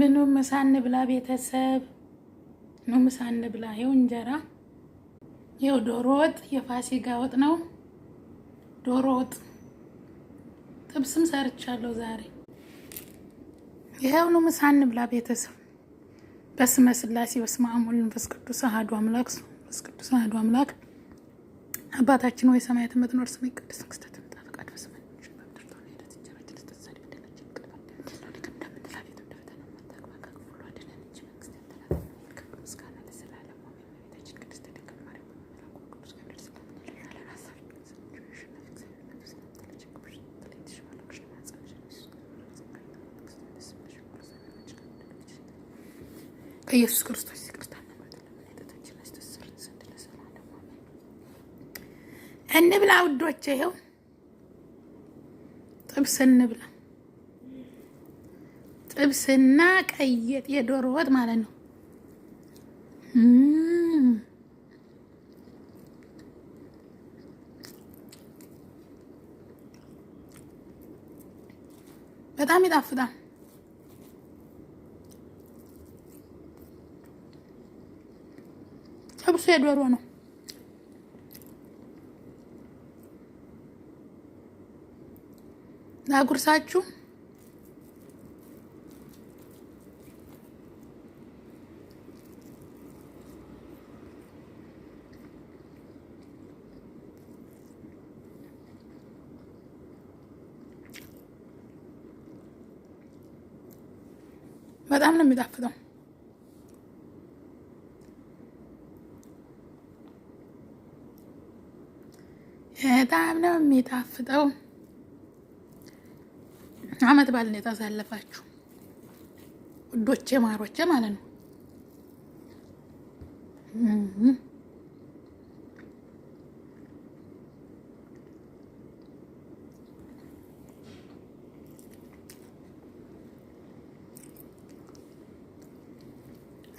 ምኑ ምሳ ብላ ቤተሰብ፣ ኑ ምሳ ብላ ይኸው እንጀራ፣ ይኸው ዶሮ ወጥ፣ የፋሲካ ወጥ ነው። ዶሮ ወጥ ጥብስም ሰርቻለሁ ዛሬ። ይኸው ኑ ምሳ ብላ ቤተሰብ። በስመ ስላሴ በስመ አብ ወወልድ ወመንፈስ ቅዱስ አሐዱ አምላክ መንፈስ ቅዱስ አሐዱ አምላክ አባታችን ወይ ሰማያት የምትኖር ስምህ ይቀደስ ከኢየሱስ ክርስቶስ ይቅርታን እንብላ፣ ውዶች ይኸው ጥብስ እንብላ። ጥብስና ቀየጥ የዶሮ ወጥ ማለት ነው። በጣም ይጣፍጣል። ጥብሱ የዶሮ ነው። ላጉርሳችሁ። በጣም ነው የሚጣፍጠው። በጣም ነው የሚጣፍጠው። አመት በዓል ነው የታሳለፋችሁ ውዶቼ ማሮቼ ማለት ነው።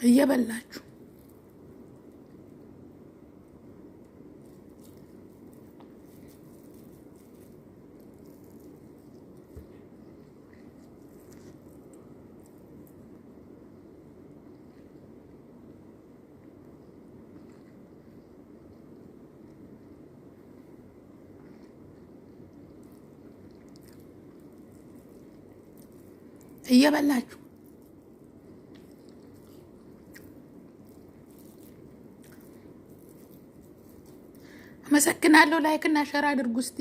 እየበላችሁ እየበላችሁ አመሰግናለሁ። ላይክ እና ሸር አድርጉ እስቲ።